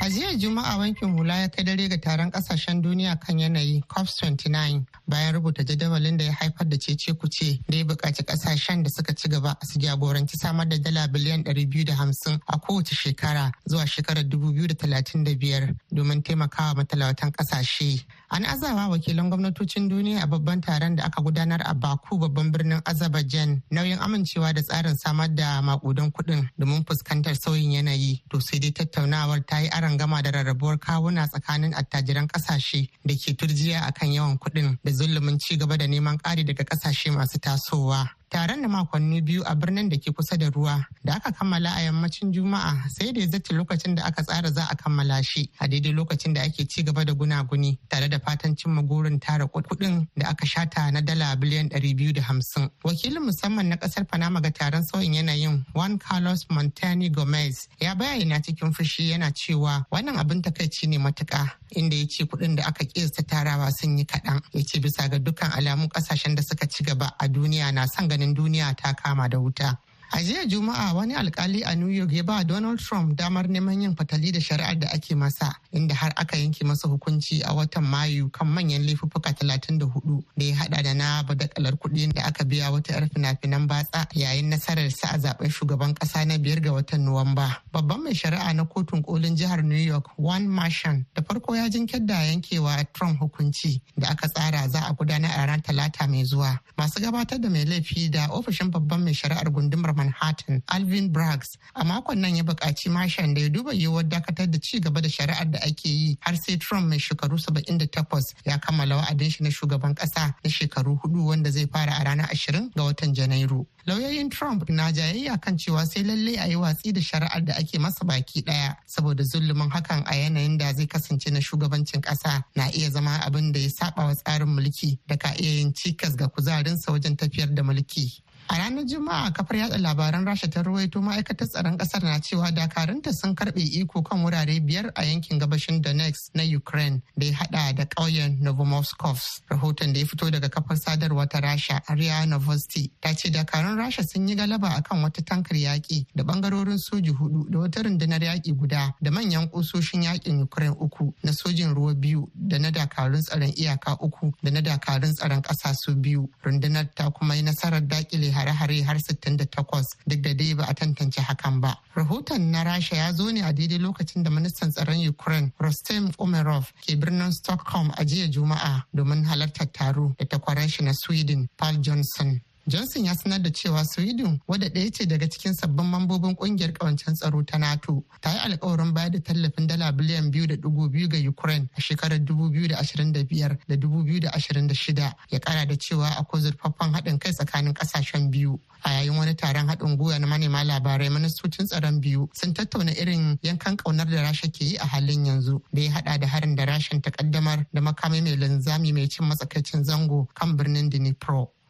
A jiya Juma'a wankin hula ya kai dare ga taron kasashen duniya kan yanayi COP29 bayan rubuta jadawalin da ya haifar da cece kuce da ya buƙaci kasashen da suka ci gaba a su jagoranci samar da dala biliyan 250 a kowace shekara zuwa shekarar 2035 domin taimakawa matalautan kasashe. An azawa wakilan gwamnatocin duniya a babban taron da aka gudanar a Baku babban birnin Azerbaijan nauyin amincewa da tsarin samar da makudan kuɗin domin fuskantar sauyin yanayi. To sai dai tattaunawar ta yi aron gama da rarrabuwar kawuna tsakanin attajiran kasashe da ke turjiya kan yawan kuɗin da zulumin ci gaba da neman ƙari daga ƙasashe masu tasowa. taron da makonni biyu a birnin da ke kusa da ruwa da aka kammala a yammacin juma'a sai da zata lokacin da aka tsara za a kammala shi a daidai lokacin da ake ci gaba da gunaguni tare da da fatan cimma gurin tara kuɗin da aka shata na dala biliyan 250. Wakilin musamman na ƙasar Panama ga taron sauyin yanayin Juan Carlos Montani Gomez ya bayyana cikin fushi yana cewa wannan abin takaici ne matuka, inda ya ce kuɗin da aka kiyasta tarawa sun yi kaɗan. Ya ce bisa ga dukkan alamun ƙasashen da suka ci gaba a duniya na son ganin duniya ta kama da wuta. A jiya Juma'a wani alkali a New York ya ba Donald Trump damar neman yin fatali da shari'ar da ake masa inda har aka yanke masa hukunci a watan Mayu kan manyan laifuffuka 34 da ya hada da na badakalar kuɗi da aka biya wata 'yar fina-finan batsa yayin nasarar sa a zaben shugaban ƙasa na biyar ga watan Nuwamba. Babban mai shari'a na kotun kolin jihar New York, Juan Marshan, da farko ya jinkir da yankewa Trump hukunci da aka tsara za a gudanar a ranar Talata mai zuwa. Masu gabatar da mai laifi da ofishin babban mai shari'ar gundumar manhattan alvin braggs a makon nan ya buƙaci mashan da ya duba yiwuwar dakatar da ci gaba da shari'ar da ake yi har sai trump mai shekaru 78 ya kammala wa'adin shi na shugaban ƙasa na shekaru hudu wanda zai fara a ranar 20 ga watan janairu lauyoyin trump na jayayya kan cewa sai lallai a yi watsi da shari'ar da ake masa baki daya saboda zulumin hakan a yanayin da zai kasance na shugabancin ƙasa na iya zama abin da ya saba wa tsarin mulki da ka iya yin cikas ga kuzarinsa wajen tafiyar da mulki A ranar Juma'a kafar yatsa labaran Rasha ta ruwaito ma'aikatar tsaron kasar na cewa dakarunta sun karbe iko kan wurare biyar a yankin gabashin Donetsk na Ukraine da ya haɗa da ƙauyen Novomoskov. Rahoton da ya fito daga kafar sadarwa ta Rasha Ariya Novosti ta ce dakarun Rasha sun yi galaba akan wata tankar yaƙi da bangarorin soji hudu da wata rundunar yaƙi guda da manyan ƙusoshin yaƙin Ukraine uku na sojin ruwa biyu da na dakarun tsaron iyaka uku da na dakarun tsaron ƙasa su biyu. Rundunar ta kuma yi nasarar daƙile hare-hare har 68 duk da dai ba a tantance hakan ba. Rahoton na Rasha ya zo ne a daidai lokacin da ministan tsaron Ukraine Rostem Umerov ke birnin Stockholm a jiya Juma'a domin halartar taro da takwaran shi na Sweden Paul Johnson. johnson ya sanar da cewa sweden wadda ɗaya ce daga cikin sabbin mambobin kungiyar ƙawancen tsaro ta nato ta yi alkawarin bayar da tallafin dala biliyan biyu da dubu biyu ga ukraine a shekarar dubu biyu da ashirin da biyar da dubu biyu da ashirin da shida ya kara da cewa akwai zurfaffen haɗin kai tsakanin ƙasashen biyu a yayin wani taron haɗin gwiwa na manema labarai ministocin tsaron biyu sun tattauna irin yankan ƙaunar da rasha ke yi a halin yanzu da ya haɗa da harin da rashin takaddamar da makami mai linzami mai cin matsakaicin zango kan birnin dnipro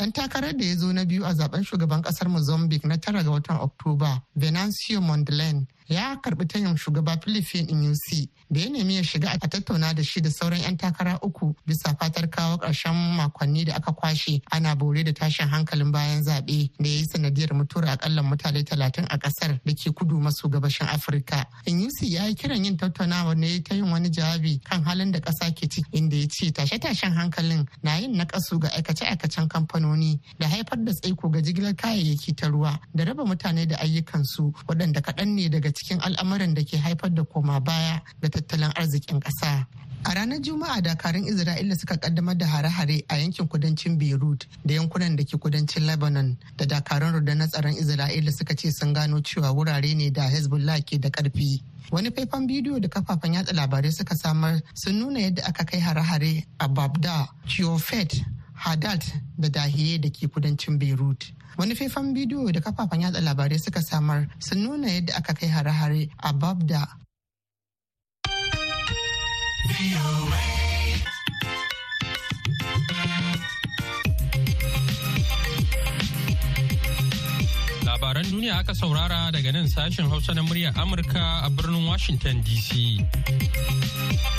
Dan takarar da ya zo na biyu a zaben shugaban ƙasar Mozambique na tara ga watan Oktoba, Venancio Mondlane, ya karbi tayin shugaba Philippine NUC da ya nemi ya shiga a tattauna da shi da sauran 'yan takara uku bisa fatar kawo ƙarshen makonni da aka kwashe ana bore da tashin hankalin bayan zaɓe da ya yi sanadiyar mutuwar akalla mutane talatin a ƙasar da ke kudu maso gabashin Afirka. NUC ya yi kiran yin tattaunawa ne ta yin wani jawabi kan halin da ƙasa ke ciki inda ya ce tashe-tashen hankalin na yin nakasu ga aikace-aikacen kamfanoni fursunoni da haifar da tsaiko ga jigilar kayayyaki ta ruwa da raba mutane da ayyukansu waɗanda kaɗan ne daga cikin al'amuran da ke haifar da koma baya da tattalin arzikin ƙasa. A ranar Juma'a dakarun Isra'ila suka kaddamar da hare-hare a yankin kudancin Beirut da yankunan da ke kudancin Lebanon da dakarun rundunar tsaron Isra'ila suka ce sun gano cewa wurare ne da Hezbollah ke da karfi. Wani faifan bidiyo da kafafen yatsa labarai suka samar sun nuna yadda aka kai hare-hare a Babda, Chiofet, hadat da dahiye da ke kudancin beirut wani faifan bidiyo da kafafen yatsa labarai suka samar sun nuna yadda aka kai hare-hare a babda labaran duniya aka saurara daga nan sashen hausa na muryar amurka a birnin washington dc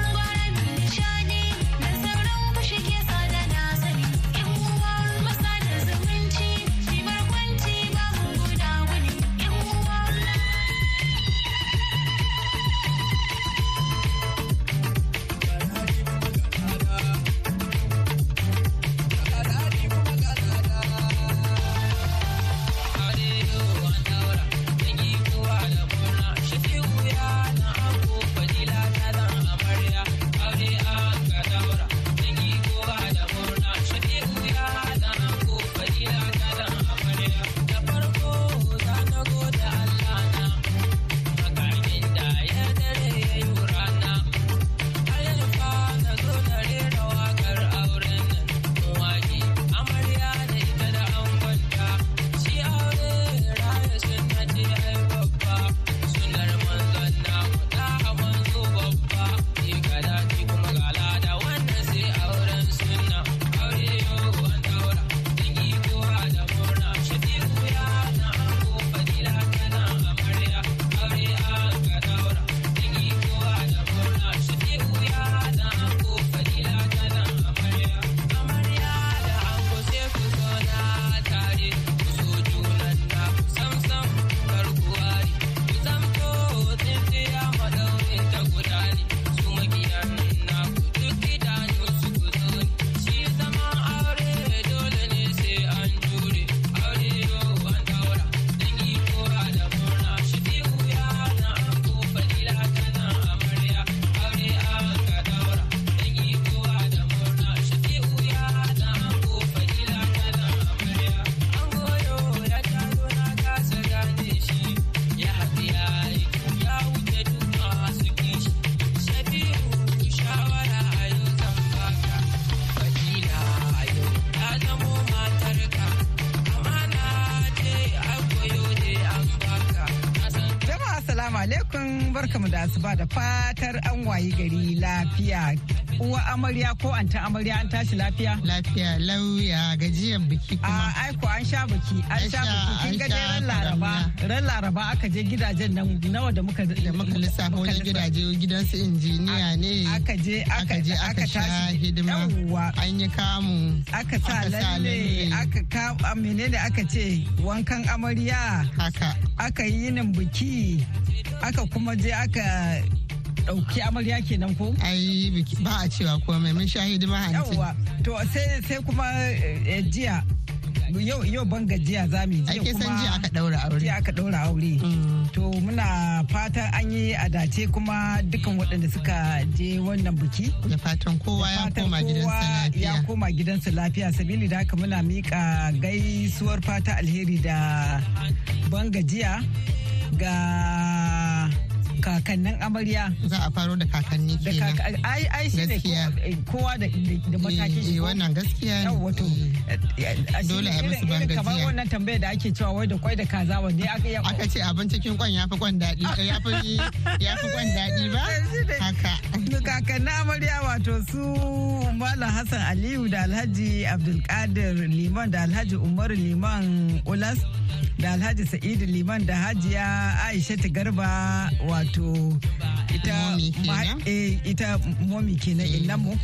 alaikum barkamu da asuba da fatar an wayi gari lafiya. Uwa amarya ko anta amarya an tashi lafiya? Lafiya lauya gajiyan biki kuma. A ah, aiko an sha biki an sha biki kin gaje ran laraba ran laraba aka je gidajen nan nawa da muka da muka lissafa wani gidaje gidan su injiniya ne. Aka je aka je aka sha hidima. An yi kamu. Aka sa lalle aka ka ah, menene aka ce wankan amarya. Haka. Aka yi yinin biki. aka kuma je aka ɗauki amarya kenan ko? Ai ba a cewa komai mun sha hidima hanci. Yawwa to sai kuma eh, jiya yau yau ban gajiya za mu ji. kuma san jiya aka daura aure jiya aka daura aure mm. to muna fatan an yi a dace kuma dukan waɗanda suka je wannan biki da fatan kowa ya koma gidansa lafiya ya koma gidansa lafiya sabili da haka muna mika gaisuwar fata alheri da ban gajiya ga kakannin amarya za a faro da kakanni kenan ai ai ne eh, kowa da da eh, matakin shi eh, wannan gaskiya ne wato dole a musu ban gaskiya kamar wannan tambaya da ake cewa wai da kwai da kaza wanne aka yi aka ce abin cikin kwan yafi kwan dadi yafi yafi kwan dadi ba haka kakannin amarya wato su Malam Hassan Aliyu da Alhaji Abdulkadir Liman da Alhaji Umar Liman Ulas da alhaji sa'idu liman da hajiya aisha garba wato ita eh, ita momi kenan eh, innamu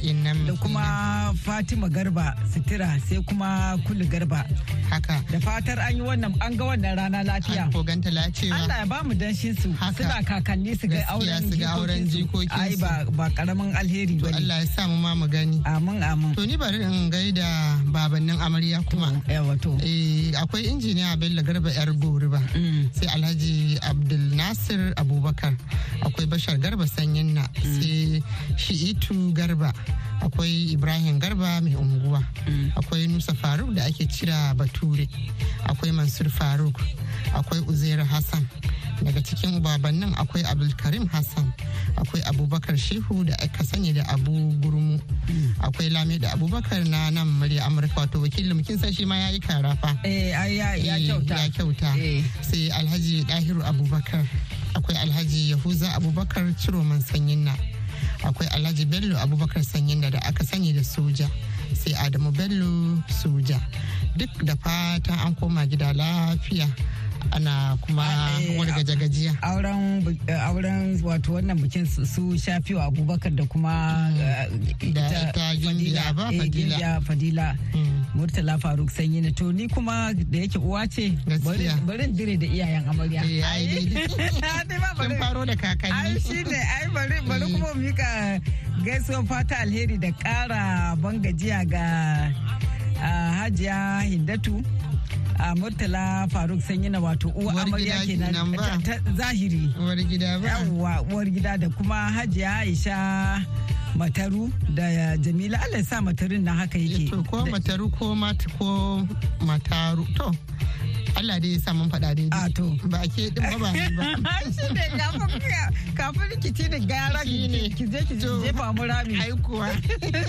da kuma fatima garba sitira sai kuma kulu garba haka da fatar an yi wannan an ga wannan rana lafiya ko ganta lafiya Allah ya ba mu danshin su suna kakanni su ga auren jikokin su ai ba karamin alheri bane to Allah ya sa mu ma mu gani amin amin to ni bari in gaida shugabannin amarya kuma eh, akwai injiniya bello garba yar goriba mm. sai alhaji abdul nasir abubakar akwai bashar garba sanyin na mm. sai shi'itu garba akwai ibrahim garba mai unguwa mm. akwai nusa faruk da ake cira bature akwai mansur faruk akwai uzair hassan daga cikin babannin akwai abdulkarim hassan akwai abubakar shehu da aka sani da abu gurmu akwai lami da abubakar na nan murya amurka wato wakilin kin san shi ma ya yi karafa eh, eh, ya kyauta eh. sai alhaji dahiru abubakar akwai alhaji yahuza abubakar ciroman sanyin na akwai alhaji bello abubakar sanyin da aka sani da soja sai adamu bello soja duk da fatan an koma gida lafiya ana kuma eh, wani gajagajiya. auren eh, auren wato wannan bikin su wa abubakar da kuma mm. eh, da ita gingila ba fadila fadila mm. murtala faruk sanyi na to ni kuma da yake uwa ce barin dire da iyayen amarya kin faro da kakanni ai shi ne ai bari bari kuma mika gaisuwar fata alheri da kara bangajiya ga ah, hajiya hindatu a murtala faruk sanyi na wato uwa amarya kenan ta zahiri uwar gida ba yawwa uwar gida da kuma hajiya aisha mataru da jamila allah sa matarin na haka yake eh, to ko mataru ko mat ko mataru to Allah dai ya sa mun faɗa daidai. A to. Ba ke din ba ba. Shi ne kafin rikici da gara ki je ki je ba mu rami. Ai kuwa.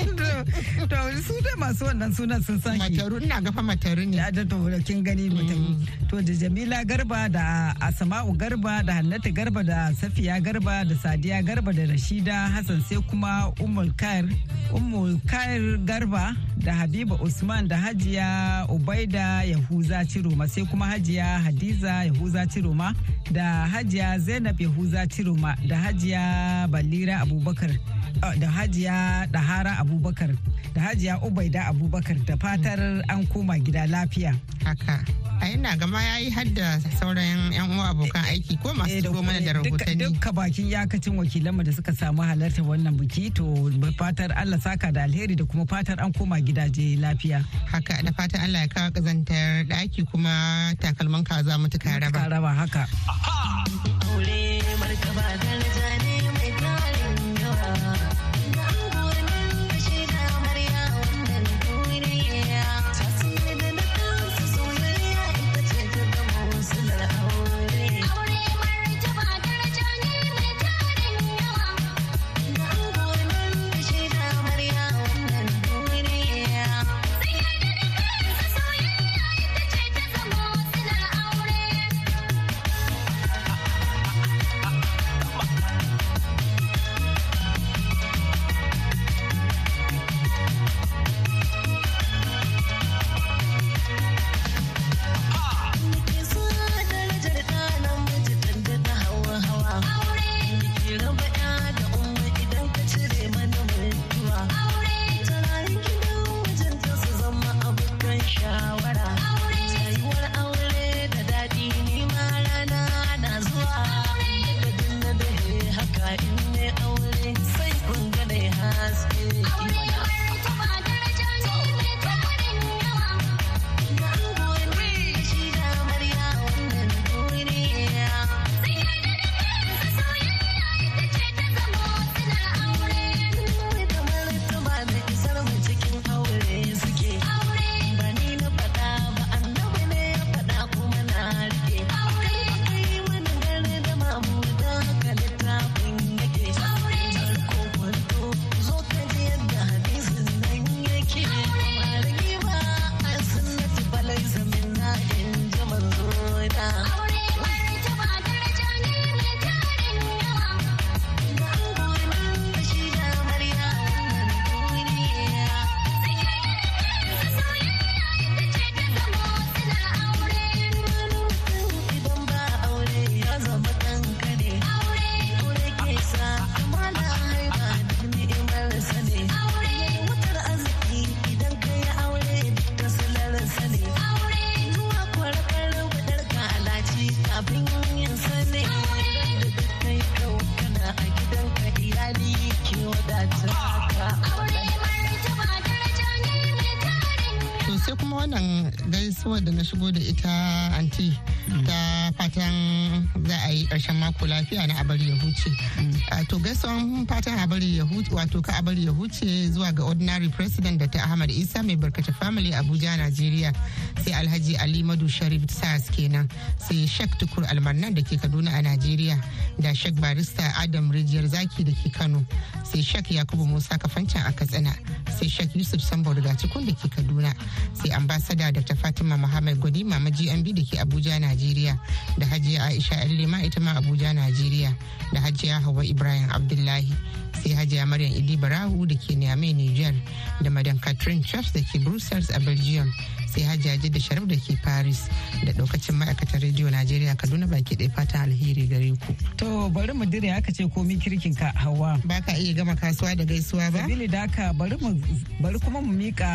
To su da masu wannan sunan sun san ki. Mataru ina gafa mataru ne. Ya to kin gani mm. mutum. To da Jamila Garba da Asma'u Garba da Hannatu Garba da Safiya Garba da Sadiya Garba da Rashida Hassan sai kuma Ummul Kair Ummul Kair Garba da Habiba Usman da Hajiya Ubaida Yahuza Ciroma sai kuma Hajiya Hadiza Yahuza Ciroma da Hajiya Zainab Yahuza Ciroma da Hajiya Balira Abubakar ah, da Hajiya Dahara Abubakar da Hajiya Ubaida Abubakar da fatar an koma gida lafiya. Haka. a na gama ya yi hadda sauran yan uwa abokan aiki ko masu eh, shigo mana da rahotanni duka bakin yakacin wakilanmu da suka samu halarta wannan biki to fatar Allah saka da alheri da kuma fatar an koma gidaje lafiya haka da fatan Allah ya kawo kazantar daki kuma takalman kaza mutuka raba raba haka aure markaba shigo da ita anti ta fatan za a yi ƙarshen mako lafiya na abar ya huce mm. to gaisuwan fatan abar ya huce wato ka abar ya huce zuwa ga ordinary president da ta ahmad isa mai barkata family abuja Najeriya. sai alhaji ali madu sharif sas kenan sai Sheikh tukur almannan da ke kaduna a Najeriya. da Sheikh barista adam rijiyar zaki da ke kano sai Sheikh yakubu musa kafancan a katsina sai Sheikh yusuf sambo da cikun da ke kaduna sai ambasada da ta fatima muhammad godima mama gmb da ke abuja Najeriya. da hajiya aisha ma ita ma abuja najeriya da hajiya hawa ibrahim abdullahi sai hajiya maryam idi barahu da ke niamey niger da madam catherine church da ke brussels a belgium sai hajjaji da sharif da ke paris da daukacin ma'aikatan rediyo najeriya kaduna baki ɗaya fatan alheri gare ku to bari mu dire aka ce komi kirkin ka hawa ba ka iya gama kasuwa da gaisuwa ba sabili da ka bari kuma mu mika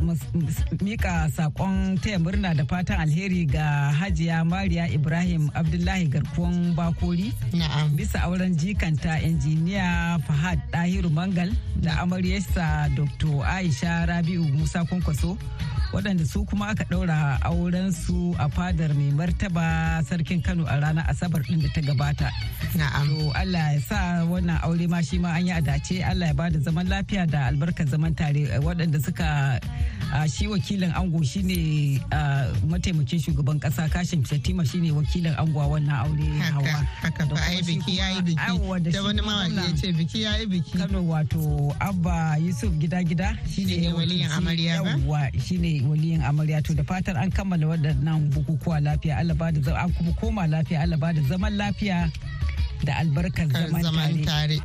saƙon sakon taya murna da fatan alheri ga hajiya mariya ibrahim abdullahi garkuwan bakori na'am bisa auren jikanta injiniya fahad dahiru mangal da amaryarsa dr aisha rabiu musa kwankwaso waɗanda su su kuma aka ɗaura auren su a fadar mai martaba sarkin Kano a ranar Asabar ɗin da ta gabata. Na'am. Allah ya sa wannan aure ma shi ma an yi adace Allah ya ba da zaman lafiya da albarkar zaman tare waɗanda suka shi wakilin ango shine mataimakin shugaban kasa kashin Shatima shine wakilin ango a wannan aure hawa. Haka ba ai biki yayi biki. Da wani mawaki ya ce biki yayi biki. Kano wato Abba Yusuf gida gida shine waliyin amarya ba. shine waliyin amarya to da fatar an kammala waɗannan bukukuwa lafiya Allah ba da an kuma lafiya Allah zaman lafiya da albarkar zaman tare.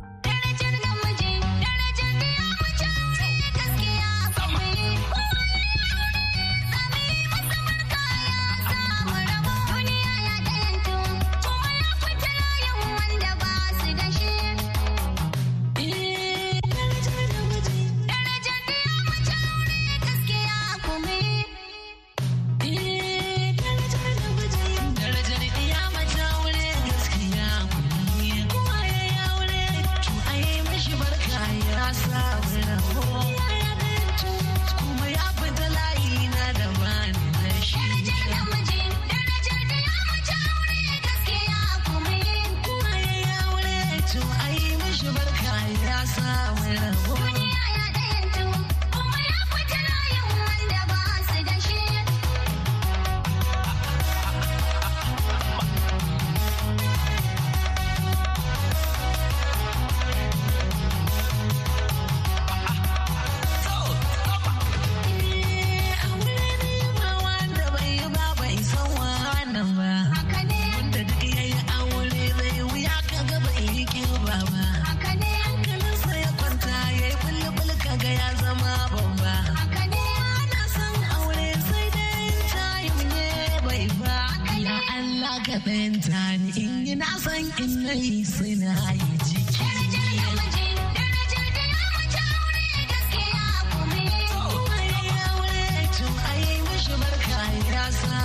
and I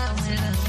I will.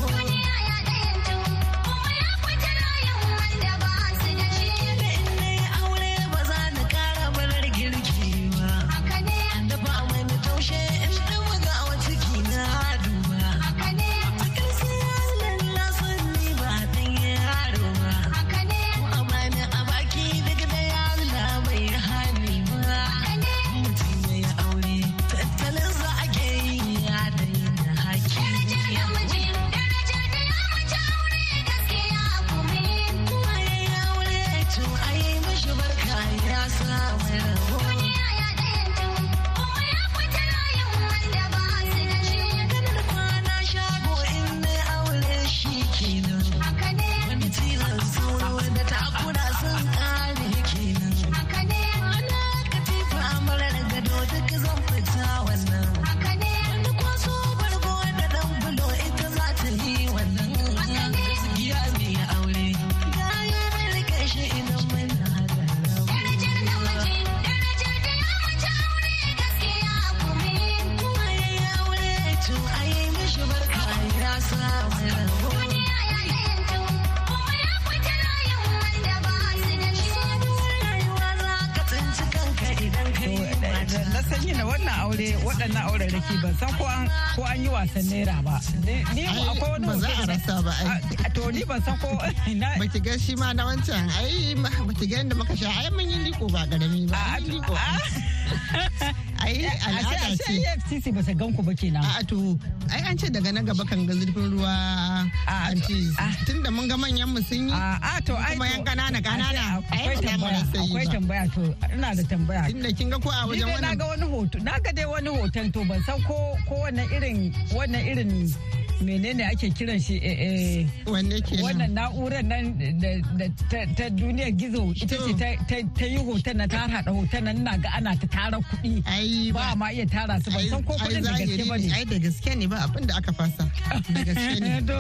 ban san ko ba ki ga shi ma na wancan ai ba ki ga yadda muka sha ai mun yi liko ba garami ba ah, ah. ai liko ai al'ada ce a FCC ba sa ganku ba kenan a to ai an ce daga na gaba kan ga zurfin ruwa ah, tun da mun ga manyan mu sun yi a to ai kuma yan kanana kanana akwai tambaya akwai tambaya to ina da tambaya tunda kin ga ko a wajen wannan na ga wani hoto na ga dai wani hoton to ban san ko ko wannan irin wannan irin menene ake kiran shi eh, eh. wanne ke wannan na'urar nan ta duniyar gizo ita ce ta yi hoton na tara da hoton nan na ga ana ta tara kuɗi ba ma iya tara su ba san ko kuɗin da gaske ba ne ai da gaske ne ba abin da aka fasa da gaske ne to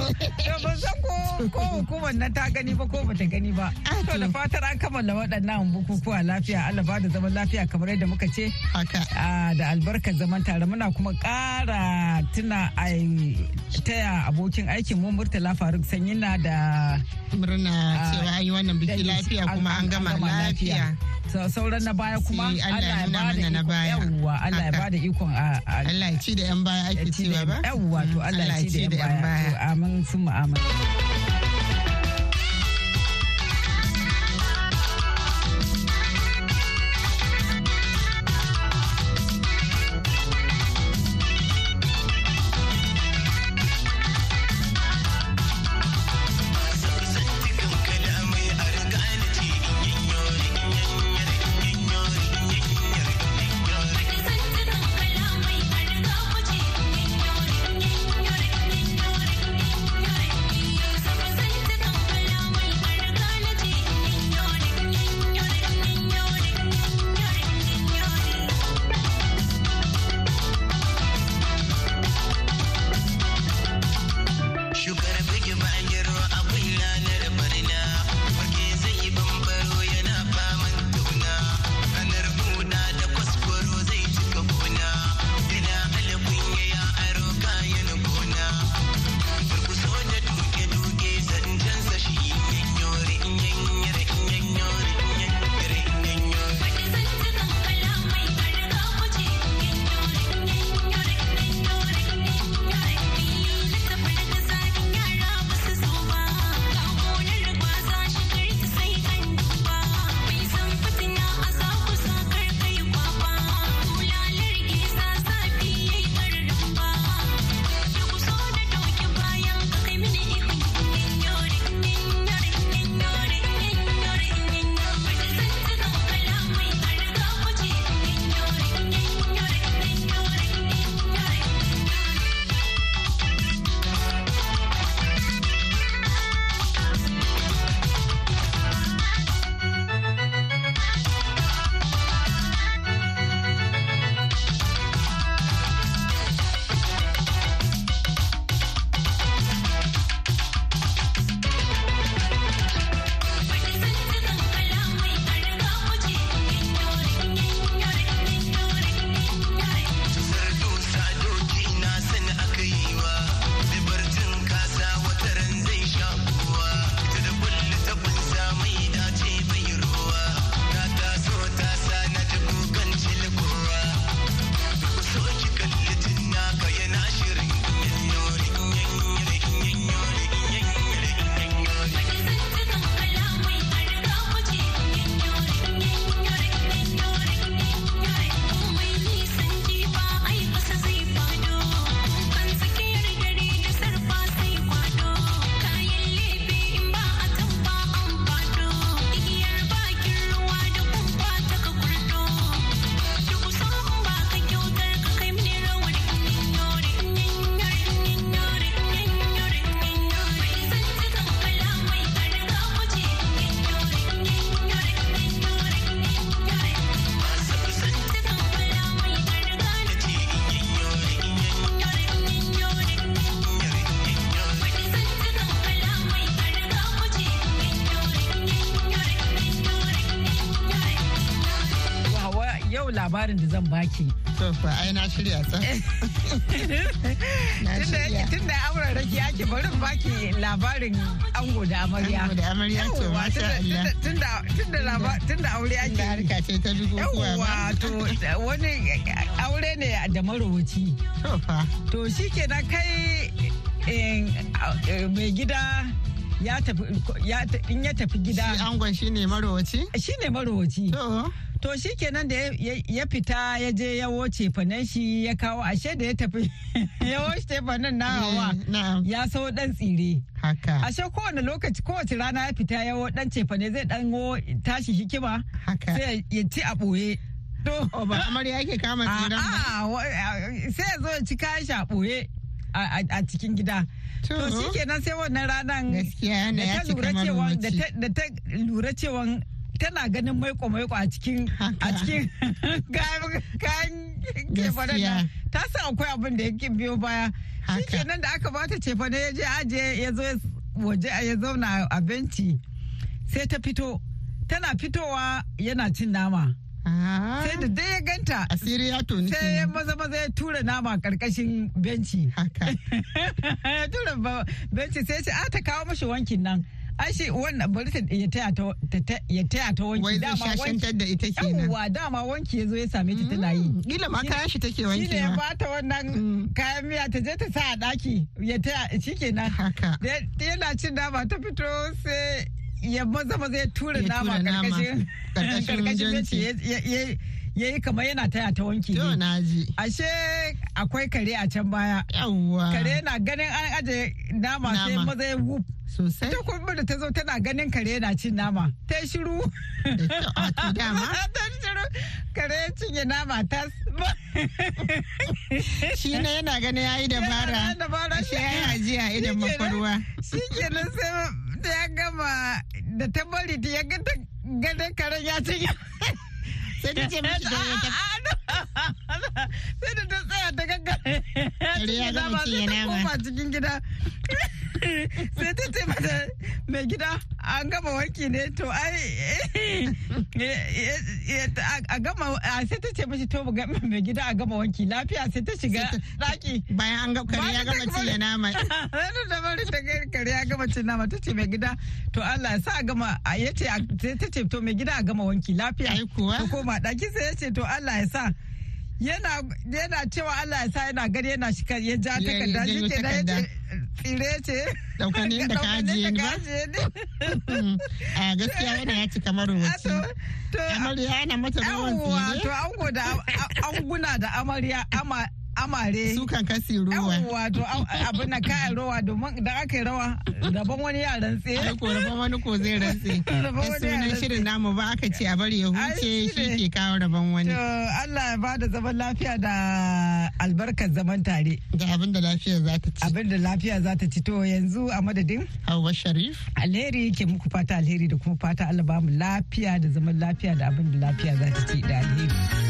ban san ko ko hukumar nan ta gani ba ko bata gani ba ah, to da fatar an kammala waɗannan bukukuwa lafiya Allah ba da zaman lafiya kamar yadda muka ce haka ah, da albarkar zaman tare muna kuma ƙara tuna a taya abokin aikin mu Murtala Faruk Sanyina da murna ah, cewa an yi wannan biki lafiya kuma an gama lafiya. sauran na baya kuma Allah ya bada na baya yawwa Allah ya bada ikon a Allah ya ci da yan baya ake cewa ba yawwa to Allah ya ci da yan baya amin sun mu'amala mamaki. To fa ai na shirya ta. Tun da amurar raki ake barin baki labarin ango da amarya. Ango da amarya to masha Allah. Tun da aure ake. Da harka ce ta dubu kuwa. Yawwa to wani aure ne da marowaci. To fa. To shi kenan kai eh, eh, mai gida ya tafi in ya tafi gida. Shi angon shi ne marowaci? Shi ne marowaci. To. to shi kenan da ya fita ya je ya woce fanan shi ya kawo ashe da ya tafi ya woce fanan na mm, hawa ya sau dan tsire haka ashe kowane lokaci kowace rana ya fita ya dan cefane zai dan tashi hikima sai ya ci a ɓoye to oh, ba ya ke kama tsiran ba sai ya zo ci kayan shi a ɓoye a cikin gida. To shi kenan sai wannan ranar da ta lura cewa tana ganin maiko maiko a cikin a cikin kayan kefane ta san akwai abin da yake biyo baya shikenan da aka bata cefane ya je aje ya zo waje ya zauna a benci sai ta fito tana fitowa yana cin nama ah. sai da dai ya ganta asiri ya sai ya maza maza ya tura nama karkashin benci ya tura benci sai ya ce a ah, ta kawo mashi wankin nan ashe wannan bari ta ya taya ta ya taya ta wanki dama wanki da ita kenan yawa dama wanki yazo ya same ta tana yi mm. kila ma kayan shi take wanki shi ne ya bata wannan mm. kayan miya ta je ta sa a daki ya taya shikenan haka yana cin dama ta fito sai ya maza maza ya tura nama karkashin karkashin yi kamar yana taya ta wanki ne na ji ashe akwai kare a can baya yawwa kare na ganin an aje nama sai maza ya wuf sosai ta kuma da ta zo tana ganin kare na cin nama ta shiru eh, ta shiru kare cinye nama ta shi na yana ganin yayi dabara shi yayi ajiya idan makwarwa shi kenan sai ya gama da ta bari ta ya ganin karen ya cinye sai ta ce mashi da sai da ta tsaya ta gaggare kare ya cikin gida. Sai ta ce mata mai gida an gama wanki ne to ai eh, eh, eh, a gama sai ta ce mashi to mai gida a gama wanki lafiya sai ta shiga daki. Bayan an kare ya gama cinye nama. da bari ta kare ya gama cinye nama ta ce mai gida to Allah sa a gama ya ce ta ce to mai gida a gama wanki lafiya. koma daki sai ya ce to Allah ya sa. yana cewa Allah ya sa yana gari yana shi ya ja takarda shi ke da yace tsire ce daukanin da ka ajiye ba hmm. a gaskiya wannan ya ci kamar wuce amarya na mata rawan tsire to ango da da amarya ama amare su kan kasi ruwa wato abin na ka rawa domin da aka yi rawa daban wani ya rantse ko rabon wani ko zai rantse sunan shirin namu ba aka ce a bari ya huce shi ke kawo rabon wani Allah ya bada zaman lafiya da albarkar zaman tare da abin da lafiya za ta ci abin da lafiya za ta ci to yanzu a madadin Hauwa Sharif alheri ke muku fata alheri da kuma fata Allah ba mu lafiya da zaman lafiya da abin da lafiya za ta ci da alheri